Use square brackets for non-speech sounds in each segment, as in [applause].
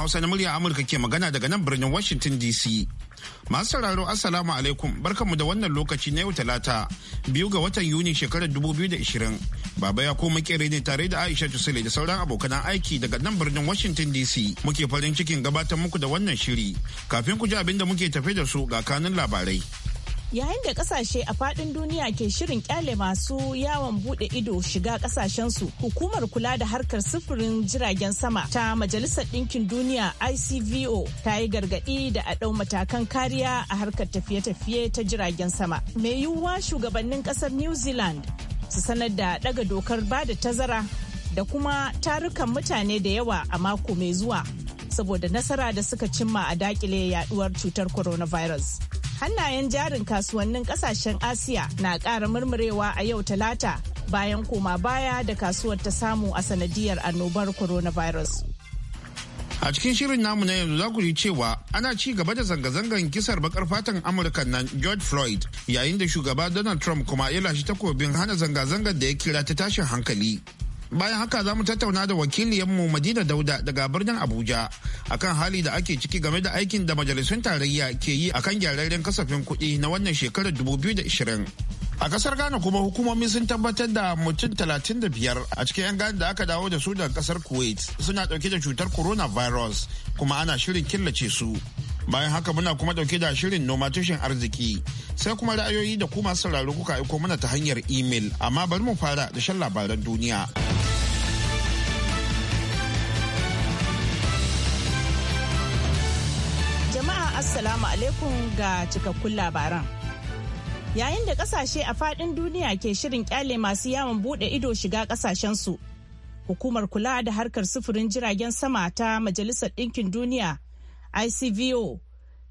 Hausa na murya Amurka ke magana daga nan birnin Washington DC. Masu sauraro Assalamu alaikum barkanmu da wannan lokaci na yau talata biyu ga watan Yuni shekarar 2020. Baba ya koma kere ne tare da Aisha Tusile da sauran abokan aiki daga nan birnin Washington DC. Muke farin cikin gabatar muku da wannan shiri. Kafin ku ji abin da muke tafe da su ga kanun labarai. yayin da kasashe a fadin duniya ke shirin kyale masu yawon bude ido shiga kasashensu hukumar kula da harkar sufurin jiragen sama ta majalisar ɗinkin duniya icvo ta yi gargaɗi da a ɗau matakan kariya a harkar tafiye-tafiye ta jiragen sama mai yiwuwa shugabannin ƙasar new zealand su sanar da ɗaga dokar ba da tazara da kuma tarukan mutane da yawa a mako mai zuwa saboda nasara da suka cimma a dakile yaduwar cutar coronavirus. hannayen jarin kasuwannin kasashen asiya na ƙara murmurewa a yau talata bayan koma baya da kasuwar ta samu a sanadiyar annobar coronavirus a cikin shirin namu na yanzu za ji cewa ana ci gaba da zanga-zangar kisar bakar fatan amurka nan george floyd yayin da shugaba donald trump kuma ya lashe takobin hana zanga-zangar da ya kira ta tashin hankali bayan haka za mu tattauna da mu madina dauda daga birnin abuja akan hali da ake ciki game da aikin da majalisun tarayya ke yi akan gyararren kasafin kuɗi na wannan shekarar 2020 a kasar ghana kuma hukumomi sun tabbatar da mutum talatin da biyar a cikin 'yan ghana da aka dawo da su daga kasar kuwait suna dauke da cutar coronavirus kuma ana shirin killace su bayan haka muna kuma dauke da shirin noma tushen arziki sai kuma ra'ayoyi da kuma sauraro kuka aiko mana ta hanyar imel amma bari mu fara da shan labaran duniya jama'a assalamu alaikum ga cikakkun labaran yayin da kasashe a fadin duniya ke shirin kyale masu yawon bude ido shiga su hukumar kula da harkar sufurin jiragen sama ta majalisar ɗinkin duniya ICVO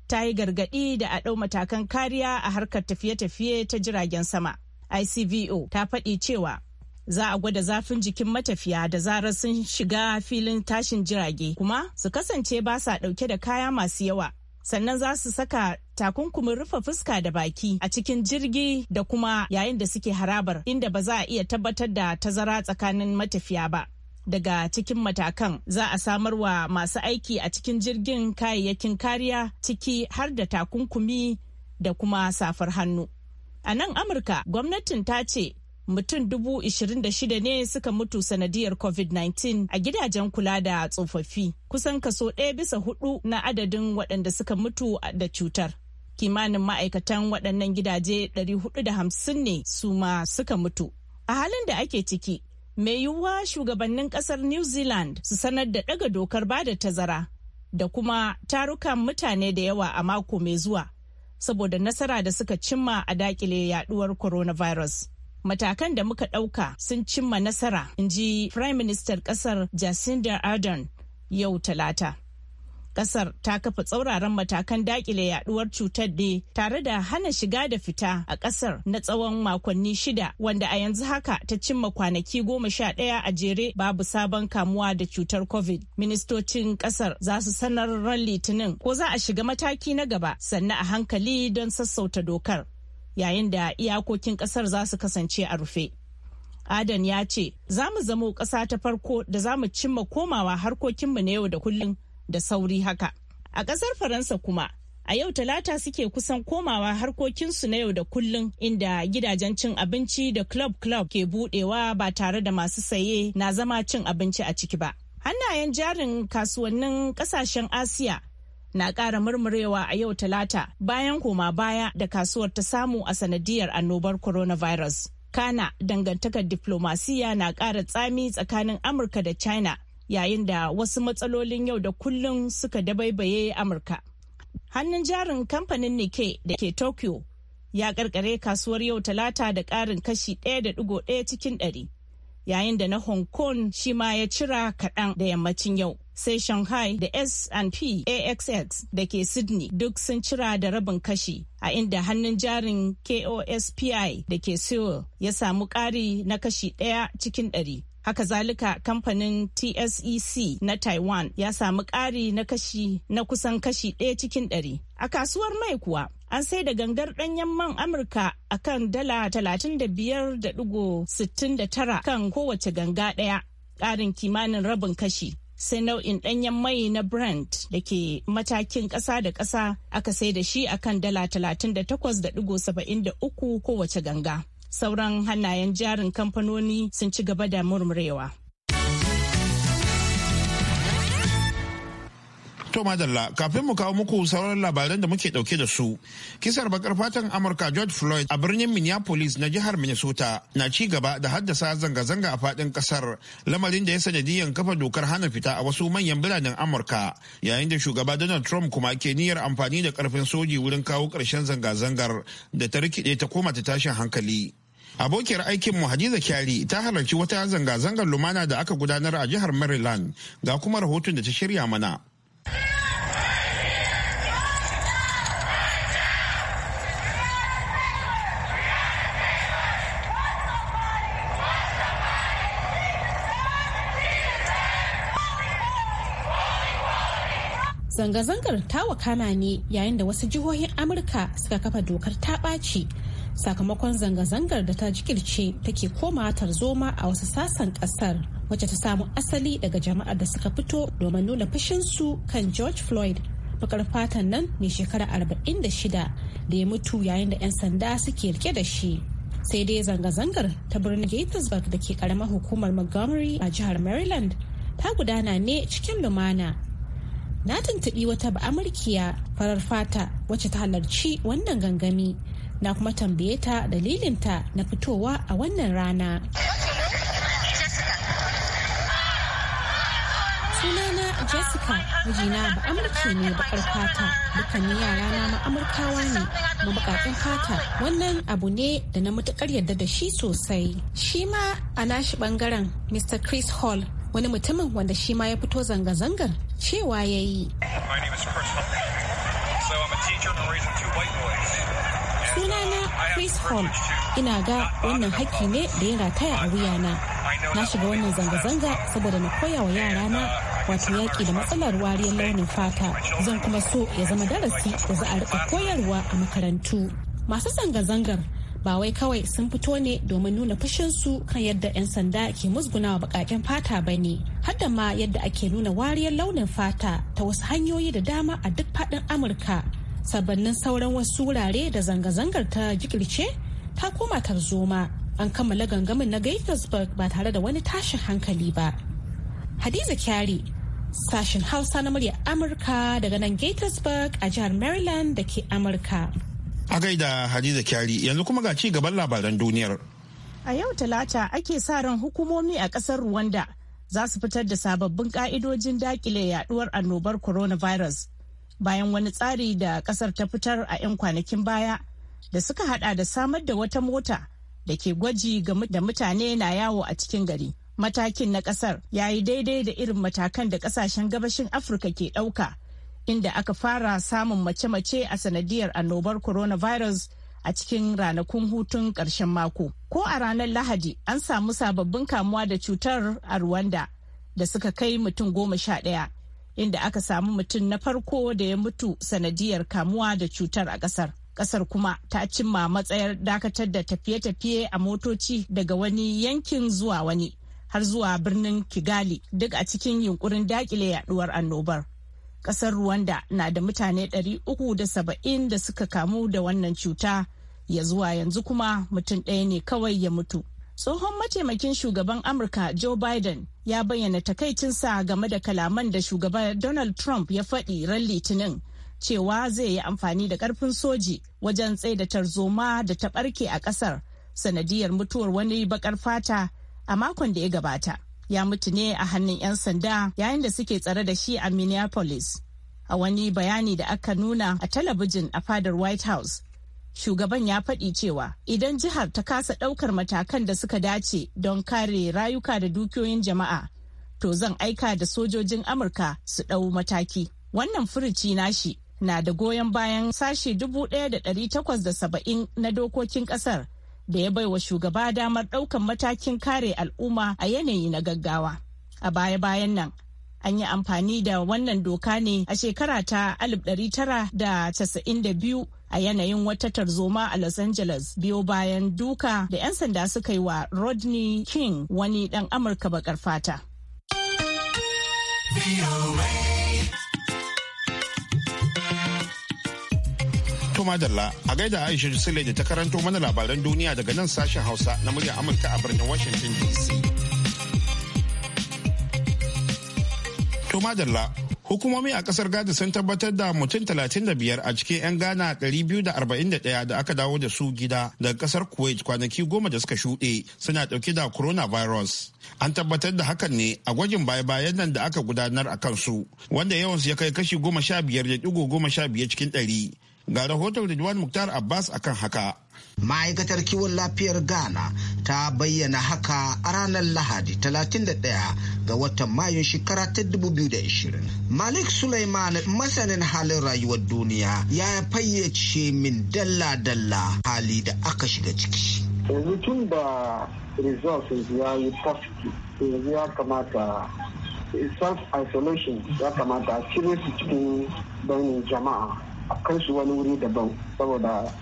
ta yi gargaɗi da a ɗau matakan kariya a harkar tafiye-tafiye ta jiragen sama. ICVO ta faɗi cewa za a gwada zafin jikin matafiya da zarar sun shiga filin tashin jirage kuma su kasance ba sa ɗauke da kaya masu yawa. Sannan za su saka takunkumin rufe fuska da baki a cikin jirgi da kuma yayin da suke harabar inda ba za a iya tabbatar da tazara tsakanin matafiya ba. daga cikin matakan za a samar wa masu aiki a cikin jirgin kayayyakin kariya ciki har da takunkumi da kuma safar hannu a nan amurka gwamnatin ta ce mutum dubu shida ne suka mutu sanadiyar covid-19 a gidajen kula da tsofaffi kusan kaso ɗaya bisa hudu na adadin waɗanda suka mutu da cutar kimanin ma'aikatan waɗannan gidaje 450 ne su ma suka mutu a halin da ake ciki mai yiwuwa shugabannin kasar new zealand su sanar da daga dokar bada tazara da kuma tarukan mutane da yawa a mako mai zuwa saboda nasara da suka cimma a dakile yaduwar coronavirus matakan da muka ɗauka sun cimma nasara in ji prime minister kasar jacinda ardern yau talata kasar ta kafa tsauraran matakan dakile yaduwar cutar ne tare da hana shiga da fita a kasar na tsawon makonni shida wanda a yanzu haka ta cimma kwanaki goma sha ɗaya a jere babu sabon kamuwa da cutar covid ministocin kasar za su sanar ran litinin ko za a shiga mataki na gaba sannan a hankali don sassauta dokar yayin da iyakokin kasar za su kasance a rufe adan ya ce za mu zamo ƙasa ta farko da za mu cimma komawa harkokinmu na yau da kullum da sauri haka. A ƙasar Faransa kuma, a yau talata suke kusan komawa harkokinsu na yau da kullun inda gidajen cin abinci da club club ke budewa ba tare da masu saye na zama cin abinci a ciki ba hannayen jarin kasuwannin kasashen asiya na ƙara murmurewa a yau talata bayan koma baya da kasuwar ta samu a sanadiyar annobar coronavirus kana dangantakar diplomasiya na ƙara tsami tsakanin amurka da china yayin da wasu matsalolin yau da kullum suka dabaibaye amurka hannun jarin kamfanin nike da ke tokyo ya karkare kasuwar yau talata da karin kashi 1.1 cikin 100 yayin da na hong kong shi ma ya cira kaɗan da yammacin yau sai shanghai da s&p axx da ke sydney duk sun cira da rabin kashi a inda hannun jarin kospi da ke seoul ya samu ƙari na kashi ɗaya cikin ɗari haka zalika kamfanin tsec na taiwan ya samu ƙari na kashi na kusan kashi ɗaya cikin ɗari a kasuwar mai kuwa an sai da gangar ɗanyen man amurka a kan dala 35.69 kan kowace ganga ɗaya ƙarin kimanin rabin kashi sai nau'in ɗanyen mai na brent da ke matakin ƙasa da ƙasa aka sai da shi a kan dala 38.73 kowace ganga sauran hannayen jarin kamfanoni sun ci gaba da murmurewa. To madalla kafin mu kawo muku sauran labaran da muke dauke da su. Kisar bakar fatan Amurka George Floyd a birnin Minneapolis na jihar Minnesota na ci gaba da haddasa zanga-zanga a fadin kasar lamarin da ya sanadiyan kafa dokar hana fita a wasu manyan biranen Amurka yayin da shugaba Donald Trump kuma ke niyyar amfani da karfin soji wurin kawo karshen zanga-zangar da ta rikide ta koma ta tashin hankali. abokiyar aikinmu hadiza kyari ta halarci wata zanga-zangar lumana da aka gudanar a jihar maryland ga kuma rahoton da ta shirya mana Zanga-zangar ta wakana ne yayin da wasu jihohin Amurka suka kafa dokar ta ɓaci sakamakon zanga-zangar da ta jikirce take koma tarzoma a wasu sassan kasar wacce ta samu asali daga jama'ar da suka fito domin nuna fushinsu kan george floyd bakar fatan nan mai shekara 46 da ya mutu yayin da 'yan sanda suke rike da shi sai dai zanga-zangar ta birnin gettysburg da ke karamar hukumar montgomery a jihar maryland ta gudana ne cikin lumana na tuntubi wata ba'amurkiya farar fata wacce ta halarci wannan gangami na kuma tambaye ta dalilinta na fitowa a wannan rana. sunana jessica mijina ba amurke ne bakar fata dukkanin yara na ma'amurkawa ne kuma fata wannan abu ne da na matukar yadda da shi sosai shi ma a nashi bangaren mr chris hall wani mutumin wanda shi ma ya fito zanga-zangar cewa ya yi sunana chris hall ina ga wannan haƙƙi ne da ya rataya a wuya na na shiga wannan zanga-zanga saboda na koya wa yarana wato yaƙi da matsalar wariyar launin fata zan kuma so ya zama darasi da za a rika koyarwa a makarantu masu zanga-zangar ba wai kawai sun fito ne domin nuna su kan yadda 'yan sanda ke wa baƙaƙen fata ba ne hadda ma yadda ake nuna wariyar launin fata ta wasu hanyoyi da dama a duk faɗin amurka sabannin sauran wasu wurare da zanga-zangar ta jikirce ta koma tarzoma an kammala gangamin na gaithersburg ba tare da wani tashin hankali ba hadiza kyari sashen hausa na murya amurka daga nan gaithersburg a jihar maryland da ke amurka a gaida hadiza kyari yanzu kuma ga ci gaban labaran duniyar a yau talata ake sa ran hukumomi a kasar rwanda za su fitar da sababbin ka'idojin dakile yaduwar annobar coronavirus bayan wani tsari da kasar ta fitar a 'yan kwanakin baya da suka hada da samar da wata mota da ke gwaji da mutane na yawo a cikin gari. Matakin na kasar ya yi daidai da irin matakan da kasashen gabashin Afirka ke ɗauka, inda aka fara samun mace-mace a sanadiyar annobar coronavirus a cikin ranakun hutun ƙarshen mako. Ko a ranar Lahadi an samu sababbin kamuwa da cutar a Rwanda da suka kai mutum goma sha ɗaya. inda aka samu mutum na farko da ya mutu sanadiyar kamuwa da cutar a kasar. Kasar kuma ta cimma matsayar dakatar da tafiye-tafiye a motoci daga wani yankin zuwa wani har zuwa birnin Kigali duk a cikin yunkurin dakile yaduwar annobar. Kasar Rwanda na da mutane 370 da suka kamu da wannan cuta ya zuwa yanzu kuma mutum ɗaya ne kawai ya mutu. tsohon mataimakin shugaban amurka joe biden ya bayyana takaicinsa game da kalaman da shugaban donald trump ya faɗi ran litinin cewa zai yi amfani da ƙarfin soji wajen tsaida tarzoma da ta ɓarke a ƙasar sanadiyar mutuwar wani baƙar fata a makon da ya gabata ya mutu ne a hannun 'yan sanda yayin da suke tsare da shi a minneapolis a wani bayani da aka nuna a talabijin a fadar white house shugaban ya faɗi cewa idan jihar ta kasa ɗaukar matakan da suka dace don kare rayuka da dukiyoyin jama'a to zan aika da sojojin amurka su ɗau mataki wannan furuci nashi na da goyon bayan sashe saba'in na dokokin ƙasar da ya baiwa shugaba damar ɗaukan matakin kare al'umma a yanayi na gaggawa a baya-bayan nan an yi amfani da wannan doka ne a shekara ta 1992 a yanayin wata tarzoma a Los Angeles biyo bayan duka da 'yan sanda suka yi wa Rodney King wani dan Amurka bakar fata. Toma Dalla a gaida Aisha Sule da ta karanto mana labaran duniya daga nan sashen Hausa na muryar Amurka a birnin Washington DC. To madalla hukumomi a kasar Gada sun tabbatar da mutum 35 a cikin 'yan ghana 241 da aka dawo da su gida daga kasar kuwait kwanaki goma da suka shuɗe suna ɗauke da coronavirus an tabbatar da hakan ne a gwajin baya-bayan nan da aka gudanar a kansu wanda yawansu ya kai kashi da 15 cikin 100 ga rahoton ridwan muktar abbas akan haka ma'aikatar kiwon lafiyar ghana ta bayyana haka a ranar lahadi 31 ga watan mayun shekara ta 2020 malik suleiman masanin halin rayuwar duniya ya fayyace min dalla-dalla hali da aka shiga ciki yanzu tun ba ya yi yanzu ya kamata self-isolation ya kamata a cire su cikin bayanin jama'a a kai su wani wuri daban saboda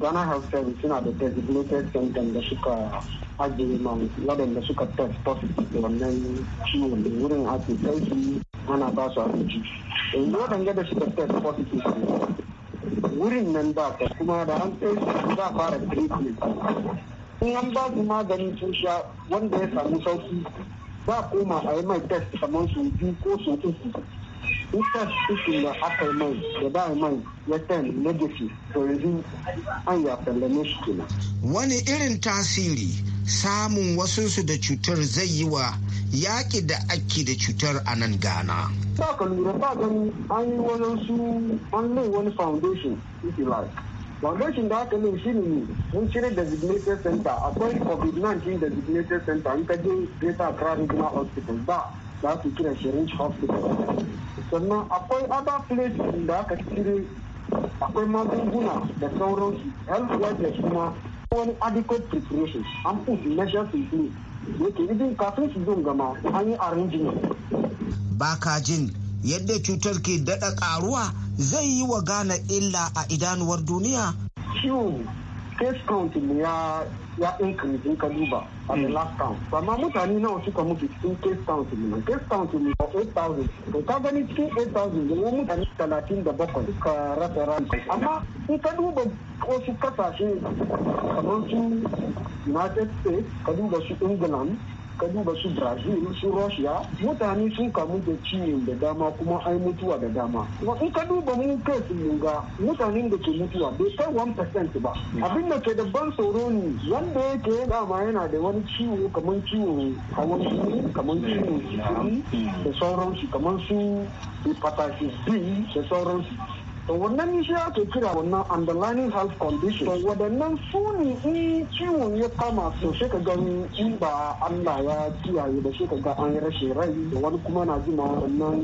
ghana health service suna da designated center da suka ajiye ma waɗanda suka test positive da wannan ciwon da wurin ake kai su ana ba su abinci yanzu waɗanda da suka test positive wurin nan ba ta kuma da an kai su za fara treatment in an ba su maganin sun sha wanda ya samu sauki ba koma a yi mai test kamar su biyu ko su uku instead cikin da aka yi mai da ba mai ya san legacy to yanzu an ya sallame shi kenan. wani irin tasiri samun wasunsu da cutar zai yi wa yaƙi da ake da cutar a nan gana. ba ka lura ba gani an yi wani su an lai wani foundation if you like foundation da aka min shi ne mun cire designated center akwai covid-19 designated center in ka je greater accra regional hospital ba za su kira shirin hospital sannan akwai other places da aka cire akwai magunguna da sauransu health workers kuma wani adequate preparation an put measures in place yake idin kafin su zo gama an yi arrangement baka jin yadda cutar ke daɗa ƙaruwa zai yi wa gane illa a idanuwar duniya ciwo case count ne ya ya increase in ka duba a the hmm. last count amma mutane nawa suka mutu cikin case count ne case count ne 8000 to ka gani cikin 8000 ne wani mutane 37 suka rasa ranka amma in ka duba wasu kasashe kamar su United States ka duba su England ka duba su brazil su russia mutane sun kamu da ciwo da dama kuma ai mutuwa da dama kuma in ka duba mun kai mun ga mutanen da ke mutuwa bai kai 1% ba mm. abin da ke da ban tsoro ne wanda yake dama yana da wani ciwo kamar ciwo hawan jini kamar mm. ciwo sikiri mm. da sauransu kamar su hepatitis b da sauransu to wannan shi ake kira wannan underlying health condition to waɗannan su ne ciwon ya kama to shi ka gan in ba Allah ya kiyaye da shi ka ga an rashe rai da wani kuma na jima wannan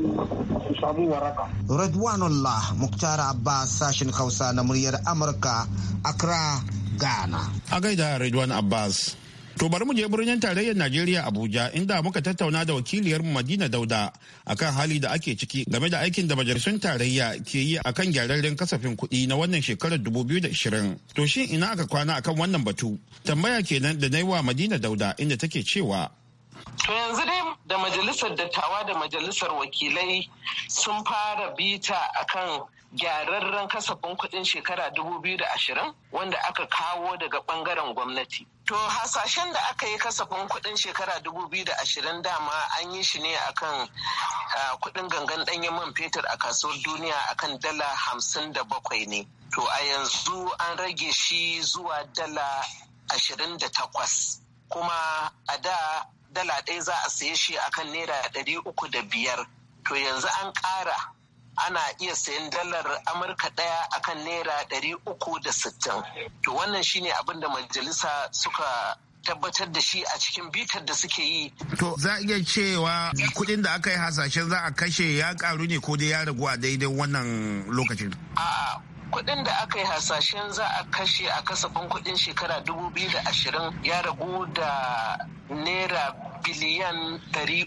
su samu waraka Radwanullah Muktar Abbas sashen Hausa na muryar Amurka Accra Ghana a gaida Redwan Abbas To bari mu je birnin tarayyar Najeriya Abuja inda muka tattauna da wakiliyarmu Madina Dauda akan hali da ake ciki game da aikin da majalisun tarayya ke yi akan gyararren kasafin kuɗi na wannan shekarar 2020. To shi ina aka kwana akan wannan batu? Tambaya kenan da na yi wa Madina Dauda inda take cewa. To yanzu dai da majalisar dattawa da majalisar wakilai sun fara bita akan gyararren kasafin kuɗin shekara 2020 wanda aka kawo daga ɓangaren gwamnati. To hasashen da aka yi kasafin kudin shekara 2020 dama an yi shi ne akan kudin gangan danyen man fetur a kasuwar duniya akan dala hamsin da bakwai ne. To a yanzu an rage shi zuwa dala ashirin da takwas, kuma a da dala ɗaya za a saye shi akan naira ɗari uku da biyar, to yanzu an ƙara ana iya sayan dalar amurka daya akan naira ɗari uku da sittin to wannan shine abin da majalisa suka tabbatar da shi a cikin bitar da suke yi. To za a iya cewa kuɗin da aka yi hasashen za a kashe ya karu ne ko dai ya ragu a daidai wannan lokacin? A'a kuɗin da aka yi hasashen za a kashe a kasafin kuɗin shekara dubu da ashirin ya ragu da naira biliyan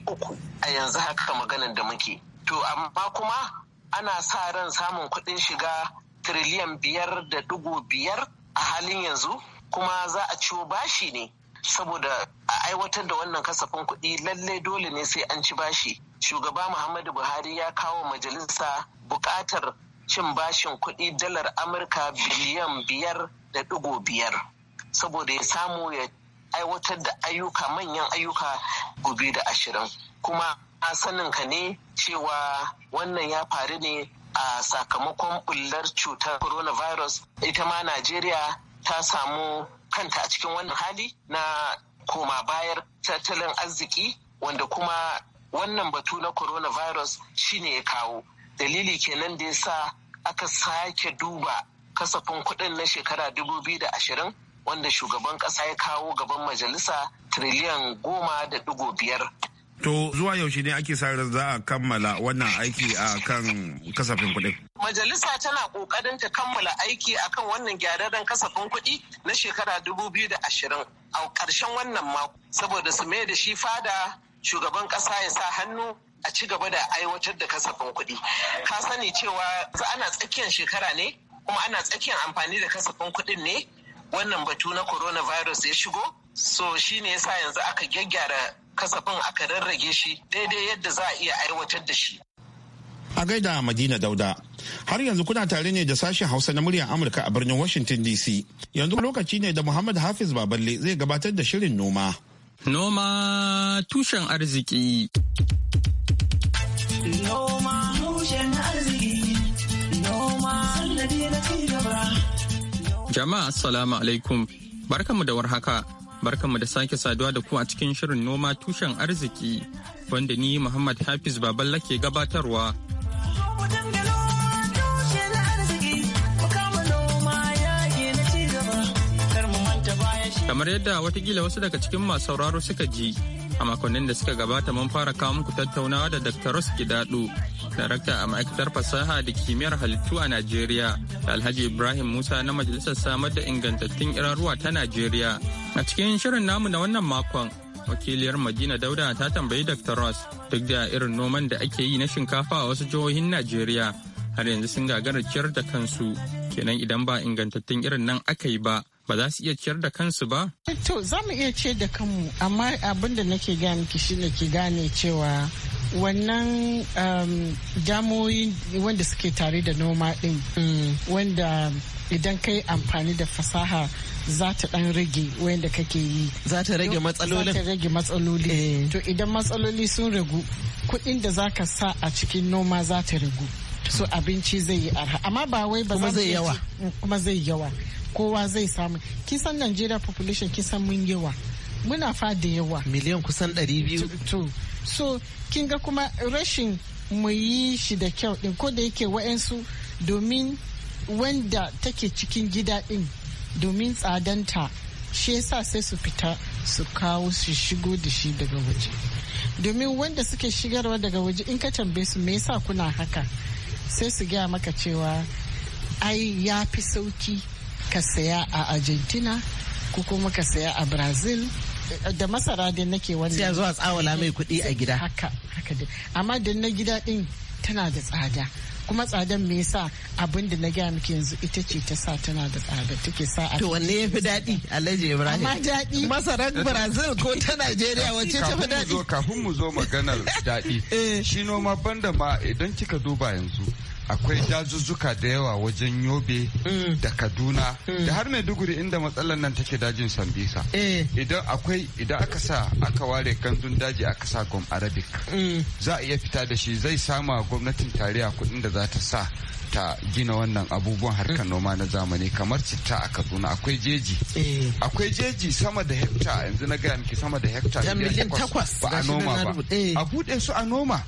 uku a yanzu haka maganar da muke. To amma kuma ana sa ran samun kuɗin shiga tiriliyan biyar da dugu biyar a halin yanzu kuma za a ciwo bashi ne saboda a aiwatar da wannan kasafin kuɗi lalle dole ne sai an ci bashi shugaba muhammadu buhari ya kawo majalisa buƙatar cin bashin kuɗi dalar amurka biliyan biyar da ɗigo biyar saboda ya samu ya aiwatar da ayyuka manyan ayyuka gobe da ashirin kuma a ka ne cewa wannan ya faru ne a sakamakon bullar cutar coronavirus ita ma najeriya ta samu kanta a cikin wannan hali na koma bayar tattalin arziki wanda kuma wannan batu na coronavirus shine ya kawo dalili kenan da ya sa aka sake duba kasafin kuɗin na shekara 2020 wanda shugaban ƙasa ya kawo gaban majalisa triliyan goma da ɗigo biyar To zuwa yaushe ne ake sa za a kammala wannan aiki a kan kasafin kuɗin? Majalisa tana ƙoƙarin ta kammala aiki a kan wannan gyararren kasafin kuɗi na shekara dubu biyu da ashirin a ƙarshen wannan mako saboda su mai da shi fada shugaban ƙasa ya sa hannu a ci gaba da aiwatar da kasafin kuɗi. Ka sani cewa ana tsakiyar shekara ne kuma ana tsakiyar amfani da kasafin kuɗin ne wannan batu na coronavirus ya shigo so shi ne yasa yanzu aka gyaggyara kasafin aka rarrage shi daidai yadda za a iya aiwatar da shi a gaida madina dauda har yanzu kuna tare ne da sashen hausa na muryar amurka a birnin washington dc yanzu lokaci ne da muhammad hafiz baballe zai gabatar da shirin noma noma tushen arziki na ci jama'a assalamu alaikum barkamu da warhaka Barkanmu da sake saduwa da ku a cikin shirin noma tushen arziki wanda ni Muhammad Hafiz Baballa ke gabatarwa. Kamar yadda wata gila wasu daga cikin masu sauraro suka ji a makonnin da suka gabata mun fara kawo muku tattaunawa da Dr. Ross Gidado darakta a ma'aikatar fasaha da kimiyyar halittu a Najeriya da Alhaji Ibrahim Musa na Majalisar Samar da Ingantattun ruwa ta Najeriya. A cikin shirin namu na wannan makon, wakiliyar Madina Dauda ta tambayi Dr. Ross duk da irin noman da ake yi na shinkafa a wasu jihohin Najeriya har yanzu sun gagara ciyar da kansu kenan idan ba ingantattun irin nan aka yi ba. ba za su iya ciyar da kansu ba? To za mu iya ciyar da kanmu amma abin da nake gane ki, shi ne ki gane cewa wannan um, damoyi wanda suke tare da noma din mm, wanda idan ka yi amfani da fasaha za ta dan rage wanda kake yi za ta rage matsalolin za ta rage matsaloli eh. to idan matsaloli sun ragu kuɗin da za ka sa a cikin noma za ta ragu so abinci zai yi arha amma ba wai ba kuma zai yawa mm, kuma zai yawa kowa zai samu kisan Najeriya population kisan mun yawa muna fa da yawa miliyan kusan 200 to so kin ga kuma rashin mu yi shi da kyau din ko da yake wa'ansu domin wanda take cikin gida din domin tsadanta shi yasa sai su fita su kawo su shigo da shi daga waje domin wanda suke shigarwa daga waje in ka tambaye su me yasa kuna haka sai su gaya maka cewa ai ya fi sauki ka saya a argentina ko kuma ka saya a brazil da masara din nake wannan sai zuwa tsawala mai kuɗi a gida haka haka din amma din na gida din tana da tsada kuma tsadan me yasa abin da na gaya miki yanzu ita ce ta sa tana da tsada take sa a to wanne yafi daɗi Alhaji Ibrahim amma daɗi masaran Brazil ko ta Najeriya wacce ta fi daɗi kafin mu zo maganar daɗi [laughs] eh. shi noma banda ma idan kika duba yanzu akwai dazuzzuka da yawa wajen yobe mm. da kaduna mm. da har maiduguri inda matsalar nan take dajin sambisa eh. idan akwai idan aka sa aka ware gandun daji aka sa gom arabic mm. za a iya fita da shi zai sama gwamnatin tarayya kuɗin da za ta sa ta gina wannan abubuwan harkar noma na zamani kamar citta a kaduna akwai jeji eh. akwai jeji sama da hekta yanzu na gaya miki sama da hekta ba a noma ba eh. a buɗe su a noma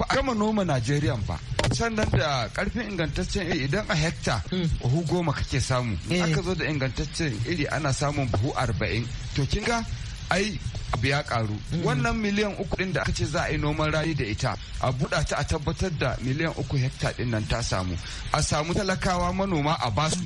ba a gama noma Najeriya ba sannan da karfin ingantaccen iri idan a hekta hmm. buhu goma kake samu eh. aka zo da ingantaccen iri ana samun buhu arba'in to kinga ga ai abu ya karu hmm. wannan miliyan uku din da aka ce za a yi noman rayu da ita a buɗa ta a tabbatar da miliyan uku hekta din nan ta samu a samu talakawa manoma a basu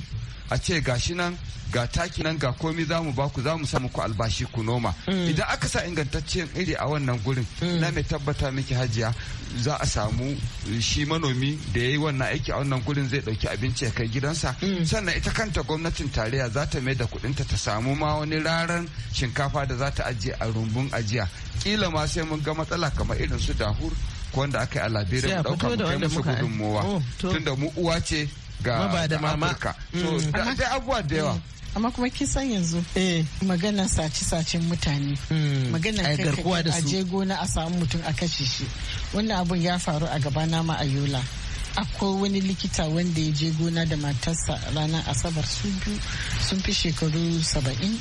a ce gashi nan ga taki nan ga komi za mu baku za mu samu ku albashi ku noma mm. idan aka sa ingantaccen iri a wannan gurin mm. na mai tabbata miki hajiya za a samu eh, shi manomi da ya yi wannan aiki a wannan gurin zai dauki abinci ya kai gidansa mm. sannan ita kanta gwamnatin tarayya za ta mai da kudinta ta samu ma wani raran shinkafa da za ta ajiye a rumbun ajiya kila ma sai mun ga matsala kamar irin su dahur wanda aka yi a labirin mu dauka mu kai musu gudunmowa oh, tunda mu uwa ce ga Afirka. So mm. da abuwa da yawa. amma kuma san yanzu eh. magana sace-sacen mutane mm. magana garkuwa da su aje gona a samu mutum a kashe shi wannan abun ya faru a gaba ma a yola akwai wani likita wanda ya je gona da matarsa ranar asabar su biyu sun fi shekaru saba'in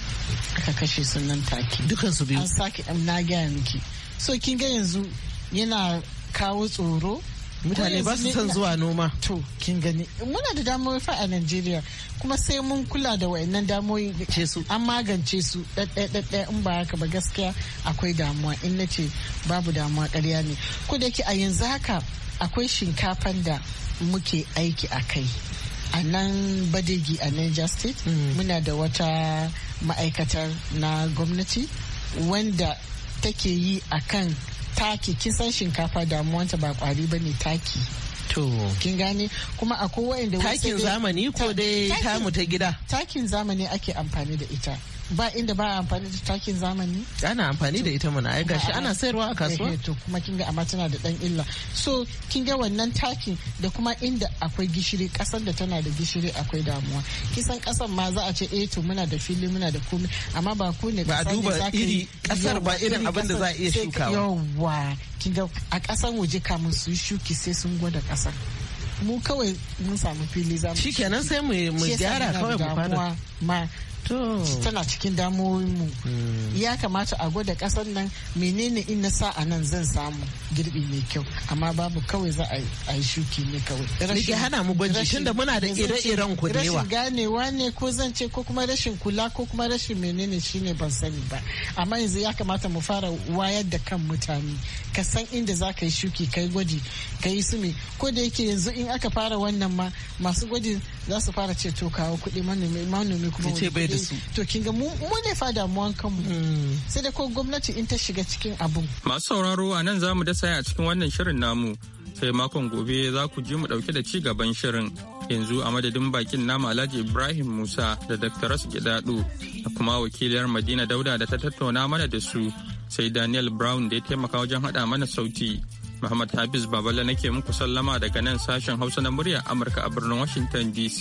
aka kashe su nan take dukan su biyu an sake na gaya miki so kin ga yanzu yana kawo tsoro mutane ba su san zuwa noma to kin gani muna da damuwa fa a Najeriya kuma sai mun kula da wayannan damoyi ce su an magance su ɗaɗɗaɗɗa in ba haka ba gaskiya akwai damuwa in na ce babu damuwa ƙarya ne ko da a yanzu haka akwai shinkafan da muke aiki a kai a nan badegi a Niger state mm. muna da wata ma'aikatar na gwamnati wanda take yi akan taki kin san shinkafa damuwanta ba kwari ba ne taki to kin gane kuma akwai wa'anda takin zamani ko dai tamu ta gida takin zamani ake amfani da ita ba inda ba amfani da takin zamani ana amfani da ita mana ai gashi ana sayarwa a kasuwa to kuma kin ga amma tana da dan illa so kin ga wannan takin da kuma inda akwai gishiri kasar da tana da gishiri akwai damuwa kisan kasar ma za a ce eh to muna da fili muna da komai amma ba ku ne ba duba iri kasar ba irin abin da za a iya shukawa yawa kin ga a kasan waje kamun su shuki sai sun gwada kasar mu kawai mun samu fili za mu shikenan sai mu gyara kawai mu fara ma tana cikin mu. Hmm. ya kamata a gwada kasan nan menene in na sa a nan zan samu girbi mai kyau amma babu kawai za a yi shuki ne kawai Rashin hana mu gwaji tunda muna da ire-iren ku da yawa rashin ganewa ne ko zan ce ko kuma rashin kula ko kuma rashin menene shine ban sani ba amma yanzu ya kamata mu fara wayar da kan mutane ka san inda za ka yi shuki ka yi gwaji ka yi su me ko da yake yanzu in aka fara wannan ma masu gwaji za su fara ce to kawo kuɗi manomi kuma ce bai to kin mu ne fa damuwan kanmu hmm. sai da ko gwamnati in ta shiga cikin abun masu sauraro a nan zamu dasa a cikin wannan shirin namu sai makon gobe za ku ji mu dauke da ci gaban shirin yanzu a madadin bakin namu alhaji ibrahim musa da dr gidadu da kuma wakiliyar madina dauda da ta tattauna mana da su sai daniel brown da ya taimaka wajen hada mana sauti muhammad habiz babala nake muku sallama daga nan sashen hausa na muryar amurka a birnin washington dc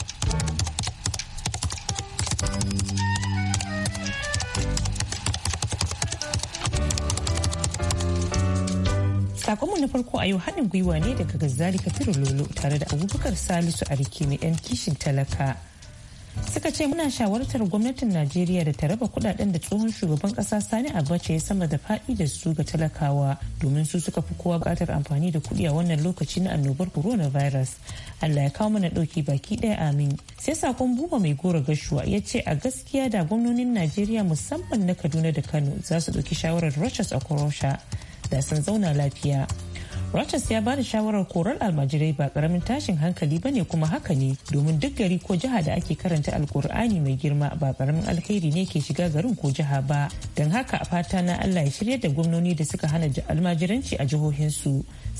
Sakonmu na farko a yau haɗin gwiwa ne daga Gazzali Kafiru Lolo tare da Abubakar Salisu a rike mai 'yan kishin talaka. Suka ce muna shawartar gwamnatin Najeriya da ta raba kudaden da tsohon shugaban kasa Sani Abacha ya sama da faɗi da su ga talakawa domin su suka fi kowa buƙatar amfani da kuɗi a wannan lokaci na annobar coronavirus. Allah ya kawo mana ɗauki baki ɗaya amin. Sai sakon buba mai gora gashuwa ya ce a gaskiya da gwamnonin Najeriya musamman na Kaduna da Kano za su ɗauki shawarar Rochas Okorosha. da sun zauna lafiya rogers ya ba da shawarar korar almajirai ba karamin tashin hankali ba ne kuma haka ne domin duk gari ko jiha da ake karanta alkur'ani mai girma ba karamin alheri ne ke shiga garin ko jiha ba don haka a fata na Allah ya shirya da gwamnoni da suka hana almajiranci a jihohinsu.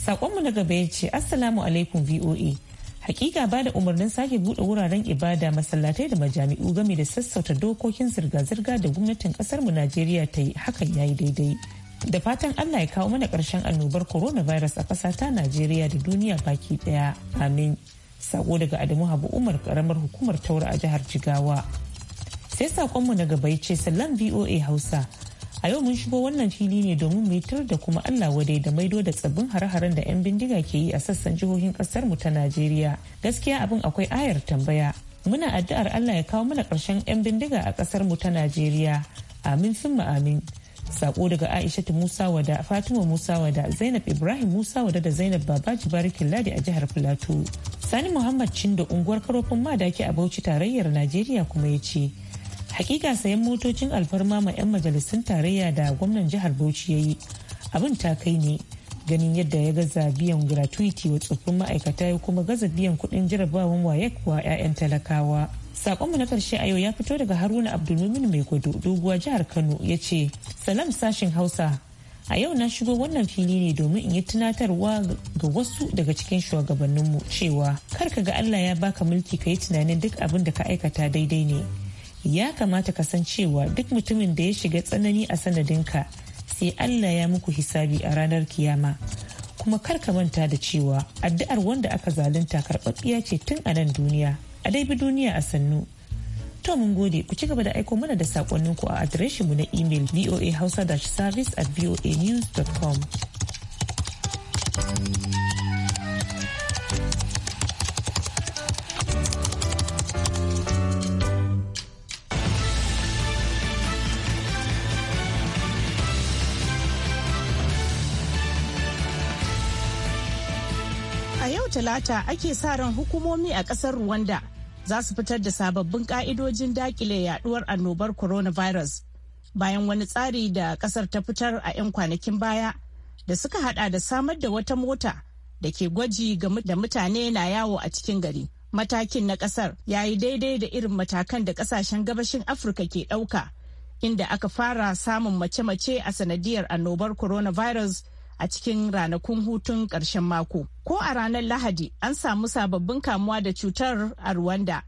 Sakonmu na gaba ya ce Assalamu alaikum VOA. Hakika ba da umarnin sake buɗe wuraren ibada masallatai da majami'u game da sassauta dokokin zirga-zirga da gwamnatin kasar mu Najeriya ta yi hakan yayi daidai. da fatan Allah ya kawo mana ƙarshen annobar coronavirus a ƙasa ta Najeriya da duniya baki ɗaya. Amin. Sako daga Adamu Habu Umar karamar hukumar Taura a jihar Jigawa. Sai sakonmu na gaba ce sallan BOA Hausa. A yau mun shigo wannan fili ne domin mu tar da kuma Allah wadai da maido da tsabbin hare-haren da 'yan bindiga ke yi a sassan jihohin ƙasarmu mu ta Najeriya. Gaskiya abin akwai ayar tambaya. Muna addu'ar Allah ya kawo mana karshen 'yan bindiga a ƙasar mu ta Najeriya. Amin sun amin. sako daga aishatu musa wada fatima musa wada zainab ibrahim musa wada da zainab babaji barikin ladi a jihar filato sani muhammad cindo unguwar karofin madaki a bauchi tarayyar najeriya kuma ya ce hakika sayan motocin alfarma ma 'yan majalisun tarayya da gwamnan jihar bauchi ya yi abin ta kai ne ganin yadda ya gaza biyan gratuity wa tsoffin ma'aikata ya kuma gaza biyan kuɗin jarabawan wayek wa 'ya'yan talakawa Sakonmu na karshe a yau ya fito daga Haruna Abdulmumin mai gudu doguwa jihar Kano ya ce, Salam sashin Hausa, a yau na shigo wannan fili ne domin in yi tunatarwa ga wasu daga cikin shugabanninmu cewa kar ka ga Allah ya baka mulki ka yi tunanin duk abin da ka aikata daidai ne. Ya kamata ka san cewa duk mutumin da ya shiga tsanani a sanadinka sai Allah ya muku hisabi a ranar kiyama. Kuma kar ka manta da cewa addu'ar wanda aka zalunta karɓaɓɓiya ce tun a nan duniya. a dai bi duniya a sannu. To mun gode ku ci gaba da aiko mana da sakonninku a adireshin mu na voa hausa service at voanews.com. talata ake sa ran hukumomi a ƙasar Rwanda za su fitar da sababbin ƙa'idojin dakile yaduwar annobar coronavirus bayan wani tsari da ƙasar ta fitar a 'yan kwanakin baya da suka hada da samar da wata mota da ke gwaji da mutane na yawo a cikin gari. Matakin na ƙasar ya yi daidai da irin matakan da ƙasashen gabashin Afirka ke ɗauka, inda aka fara samun mace-mace a sanadiyar annobar coronavirus a cikin ranakun hutun ƙarshen mako. Ko a ranar Lahadi an samu sababbin kamuwa da cutar a ruwanda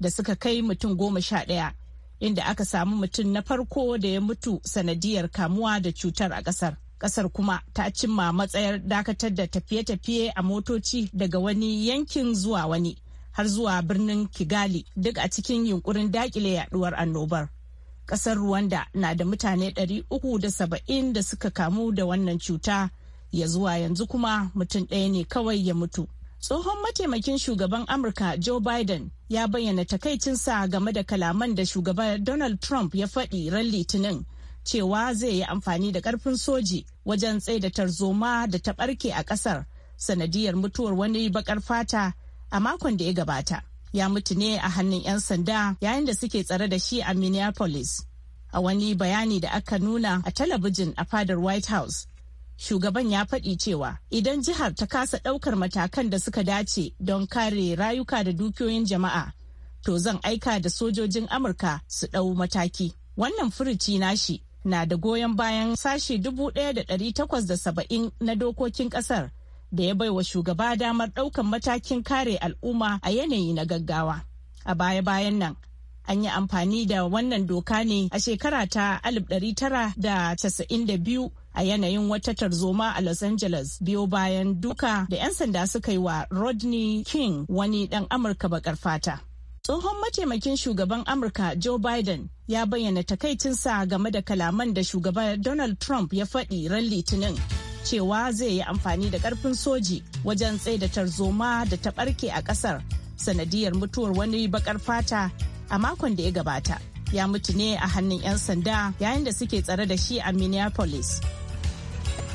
da suka kai mutum goma sha ɗaya, inda aka samu mutum na farko da ya mutu sanadiyar kamuwa da cutar a ƙasar. Ƙasar kuma ta cimma matsayar dakatar da tafiye-tafiye a motoci daga wani yankin zuwa wani har zuwa birnin Kigali duk a cikin yunkurin dakile yaduwar annobar. Ƙasar ruwanda na da mutane 370 da suka kamu da wannan cuta ya zuwa yanzu kuma mutum ɗaya ne kawai ya mutu tsohon mataimakin shugaban amurka joe biden ya bayyana takaicinsa game da kalaman da shugaban donald trump ya faɗi ran litinin cewa zai yi amfani da ƙarfin soji wajen da tarzoma da ta ɓarke a ƙasar sanadiyar mutuwar wani baƙar fata a makon da ya gabata ya mutu ne a hannun 'yan sanda yayin da suke tsare da shi a minneapolis a wani bayani da aka nuna a talabijin a fadar white house shugaban ya faɗi cewa idan jihar ta kasa ɗaukar matakan da suka dace don kare rayuka da dukiyoyin jama'a to zan aika da sojojin amurka su ɗau mataki wannan furuci nashi na da goyon bayan sashe dubu ɗaya da da saba'in na dokokin ƙasar da ya baiwa shugaba damar ɗaukan matakin kare al'umma a yanayi na gaggawa a baya-bayan nan an yi amfani da wannan doka ne a shekara ta biyu. a yanayin wata tarzoma a Los Angeles biyo bayan duka da 'yan sanda suka yi wa Rodney King wani ɗan Amurka bakar fata. Tsohon mataimakin shugaban Amurka Joe Biden ya bayyana takaicinsa game da kalaman da shugaban Donald Trump ya faɗi ran Litinin. cewa zai yi amfani da ƙarfin soji wajen tsaida tarzoma da ta ɓarke a ƙasar, sanadiyar mutuwar wani bakar fata a makon da ya gabata ya mutu ne a hannun 'yan sanda yayin da suke tsare da shi a minneapolis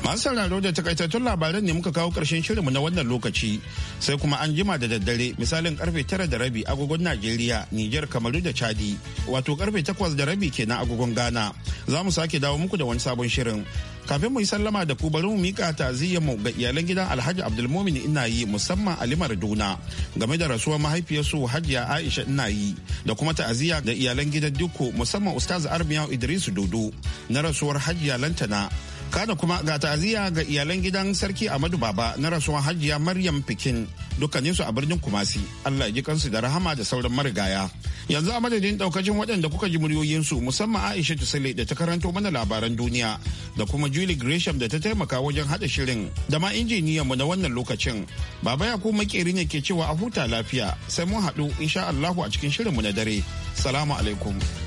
Masu sauraro da takaitattun labaran ne muka kawo karshen shirinmu na wannan lokaci sai kuma an jima da daddare misalin karfe tara da rabi agogon Najeriya, Nijar, Kamaru da Chadi wato karfe takwas da rabi kenan agogon Ghana. Za mu sake dawo muku da wani sabon shirin. Kafin mu yi sallama da ku bari mu mika ta'aziyyar mu ga iyalan gidan Alhaji Abdulmumin ina yi musamman Alimar Duna game da rasuwar mahaifiyarsu Hajiya Aisha ina yi da kuma ta'aziyya da iyalan gidan Dukko musamman Ustaz Armiyau Idrisu Dodo na rasuwar Hajiya Lantana kada kuma ga ta'aziyya ga iyalan gidan sarki Amadu Baba na rasuwar Hajiya Maryam dukkanin dukkaninsu a birnin Kumasi. Allah ji kansu da rahama da sauran marigaya. Yanzu a madadin daukacin waɗanda kuka ji su musamman Aisha tusale da ta karanto mana labaran duniya da kuma Julie Gresham da ta taimaka wajen haɗa shirin da ma injiniyanmu na wannan lokacin. Baba ya kuma makeri ne ke cewa a huta lafiya sai mun haɗu insha Allahu a cikin shirin mu na dare. Salamu alaikum.